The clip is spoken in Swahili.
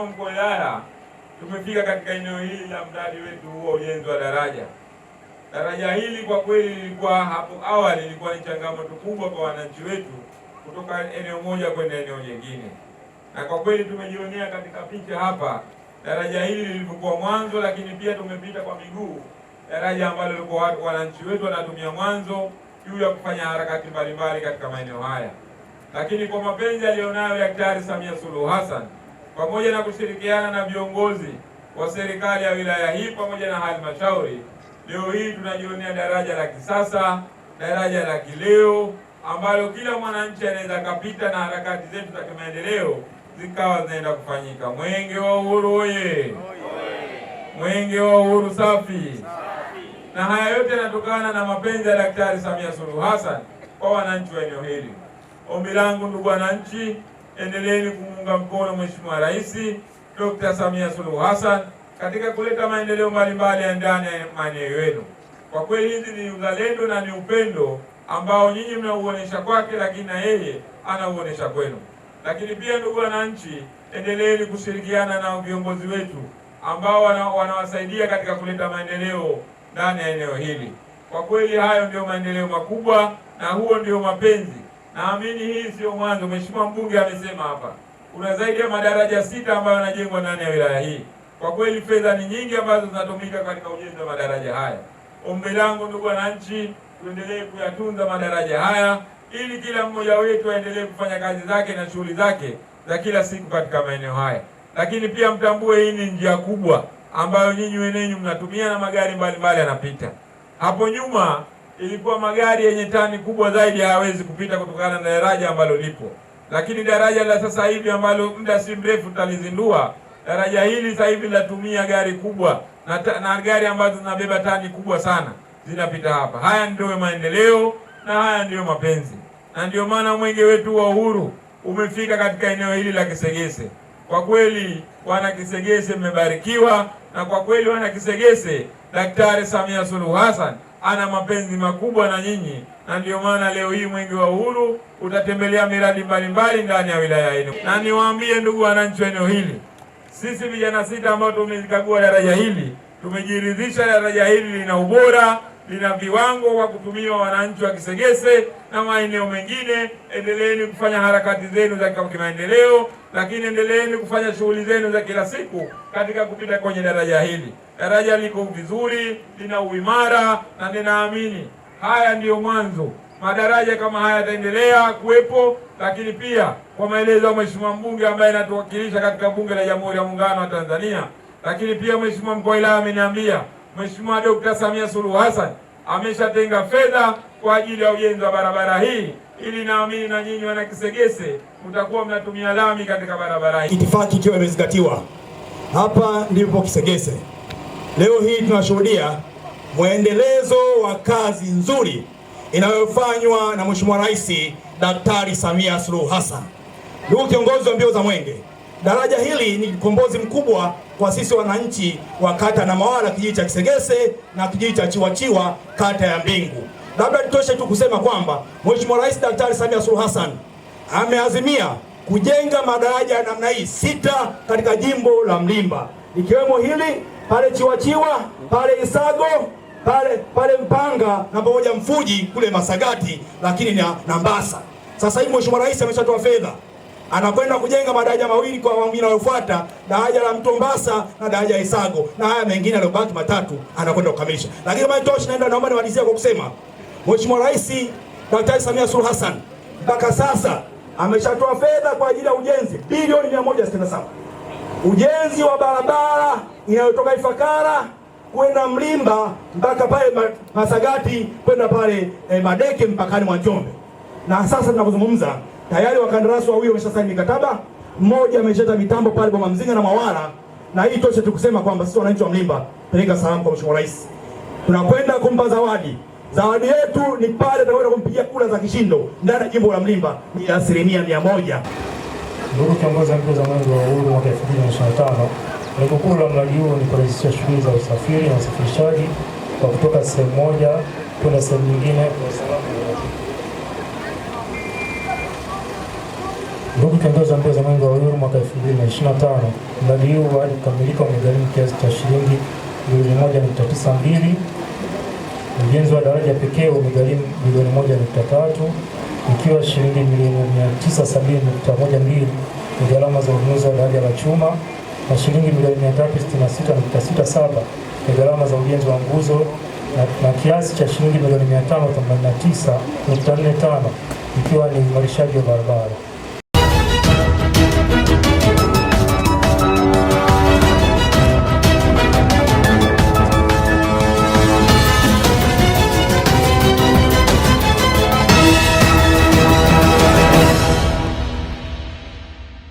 mheshimiwa mkuu wa wilaya, tumefika katika eneo hili la mradi wetu huo ujenzi wa daraja. Daraja hili kwa kweli lilikuwa hapo awali lilikuwa ni changamoto kubwa kwa wananchi wetu kutoka eneo moja kwenda eneo jingine, na kwa kweli tumejionea katika picha hapa daraja hili lilivyokuwa mwanzo, lakini pia tumepita kwa miguu daraja ambalo lilikuwa wananchi wetu wanatumia mwanzo juu ya kufanya harakati mbalimbali katika maeneo haya, lakini kwa mapenzi aliyonayo Daktari Samia Suluhu Hassan pamoja na kushirikiana na viongozi wa serikali ya wilaya hii pamoja na halmashauri, leo hii tunajionea daraja la kisasa, daraja la kileo ambalo kila mwananchi anaweza akapita na harakati zetu za kimaendeleo zikawa zinaenda kufanyika. Mwenge wa Uhuru oye! Mwenge wa Uhuru safi! Na haya yote yanatokana na mapenzi ya Daktari Samia Suluhu Hassan kwa wananchi wa eneo hili. Ombi langu ndugu wananchi endeleeni kumuunga mkono Mheshimiwa Rais Dr. Samia Suluhu Hassan katika kuleta maendeleo mbalimbali ya ndani ya maeneo yenu. Kwa kweli hizi ni uzalendo na ni upendo ambao nyinyi mnauonyesha kwake, lakini na yeye anauonyesha kwenu. Lakini pia ndugu wananchi, endeleeni kushirikiana na viongozi wetu ambao wanawasaidia katika kuleta maendeleo ndani ya eneo hili. Kwa kweli hayo ndio maendeleo makubwa na huo ndio mapenzi Naamini hii sio mwanzo. Mheshimiwa mbunge amesema hapa kuna zaidi ya madaraja sita ambayo yanajengwa ndani ya wilaya hii. Kwa kweli fedha ni nyingi ambazo zinatumika katika ujenzi wa madaraja haya. Ombi langu ndugu wananchi, tuendelee kuyatunza madaraja haya ili kila mmoja wetu aendelee kufanya kazi zake na shughuli zake za kila siku katika maeneo haya. Lakini pia mtambue, hii ni njia kubwa ambayo nyinyi wenyewe mnatumia na magari mbalimbali yanapita. Hapo nyuma ilikuwa magari yenye tani kubwa zaidi hayawezi kupita kutokana na daraja ambalo lipo, lakini daraja la sasa hivi ambalo muda si mrefu tutalizindua daraja hili sasa hivi linatumia gari kubwa na, na gari ambazo zinabeba tani kubwa sana zinapita hapa. Haya ndio maendeleo na haya ndiyo mapenzi, na ndio maana mwenge wetu wa uhuru umefika katika eneo hili la Kisegese. Kwa kweli wana Kisegese mmebarikiwa, na kwa kweli wana Kisegese, Daktari Samia Suluhu Hassan ana mapenzi makubwa na nyinyi, na ndio maana leo hii mwenge wa uhuru utatembelea miradi mbalimbali ndani ya wilaya yenu. Na niwaambie ndugu wananchi wa eneo hili, sisi vijana sita ambao tumezikagua daraja hili tumejiridhisha daraja hili lina ubora lina viwango wa kutumia wananchi wa Kisegese na maeneo mengine. Endeleeni kufanya harakati zenu za kimaendeleo, lakini endeleeni kufanya shughuli zenu za kila siku katika kupita kwenye daraja hili. Daraja liko vizuri, lina uimara na ninaamini haya ndiyo mwanzo. Madaraja kama haya yataendelea kuwepo, lakini pia kwa maelezo ya Mheshimiwa mbunge ambaye anatuwakilisha katika Bunge la Jamhuri ya Muungano wa Tanzania, lakini pia Mheshimiwa mkuu wa wilaya ameniambia Mheshimiwa Dkt. Samia Suluhu Hassan ameshatenga fedha kwa ajili ya ujenzi wa barabara hii, ili naamini na nyinyi kisegese mtakuwa mnatumia lami katika barabara hii, itifaki ikiwa imezingatiwa. Hapa ndipo Kisegese leo hii tunashuhudia mwendelezo wa kazi nzuri inayofanywa na Mheshimiwa Rais Daktari Samia Suluhu Hassan. Ndugu kiongozi wa mbio za mwenge Daraja hili ni ukombozi mkubwa kwa sisi wananchi wa kata na Mawala, kijiji cha Kisegese na kijiji cha Chiwachiwa, kata ya Mbingu. Labda nitoshe tu kusema kwamba Mheshimiwa Rais Daktari Samia Suluhu Hassan ameazimia kujenga madaraja ya namna hii sita katika jimbo la Mlimba, ikiwemo hili pale Chiwachiwa, pale Isago, pale pale Mpanga na pamoja Mfuji kule Masagati, lakini na, na Mbasa. Sasa hivi Mheshimiwa Rais ameshatoa fedha anakwenda kujenga madaraja mawili kwa awamu inayofuata, daraja la mtombasa na daraja la Isago, na haya mengine yaliyobaki matatu anakwenda kukamilisha. Lakini kama itoshi, naenda naomba nimalizie kwa kusema Mheshimiwa Rais Daktari Samia Suluhu Hassan mpaka sasa ameshatoa fedha kwa ajili ya ujenzi bilioni 167 ujenzi wa barabara inayotoka Ifakara kwenda Mlimba mpaka pale Masagati kwenda pale eh, Madeke mpakani mwa Njombe, na sasa tunazungumza Tayari wakandarasi wawili wameshasaini mikataba, mmoja ameshaleta mitambo pale Boma Mzinga na Mawala, na hii tosha tukusema kwamba sisi wananchi wa Mlimba, peleka salamu kwa Mheshimiwa Rais, tunakwenda kumpa zawadi. Zawadi yetu ni pale tunakwenda kumpigia kura za kishindo ndani ya jimbo la Mlimba ni asilimia mia moja. Ndugu kiongozi mpya za mwezi wa uhuru mwaka 2025, lengo kuu la mradi huu ni kurahisisha shughuli za usafiri na usafirishaji kwa kutoka sehemu moja kwenda sehemu nyingine kwa usalama. Mwanamke mbio za mbio za mwenge wa uhuru mwaka 2025. Mradi huu hadi kukamilika umegharimu kiasi cha shilingi bilioni 1.92. Ujenzi wa daraja pekee umegharimu bilioni 1.3, ikiwa shilingi milioni 970.12 ni gharama za ununuzi wa daraja la chuma na shilingi milioni 366.67 ni gharama za ujenzi wa nguzo na, na kiasi cha shilingi milioni 589.45 ikiwa ni uimarishaji wa barabara.